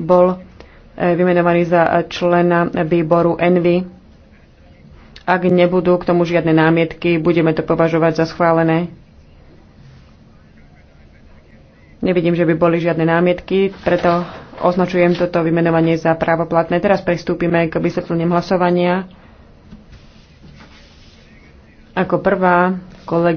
bol e, vymenovaný za člena výboru Envy. Ak nebudú k tomu žiadne námietky, budeme to považovať za schválené. Nevidím, že by boli žiadne námietky, preto označujem toto vymenovanie za právoplatné. Teraz pristúpime k vysvetleniam hlasovania. Ako prvá kolegy.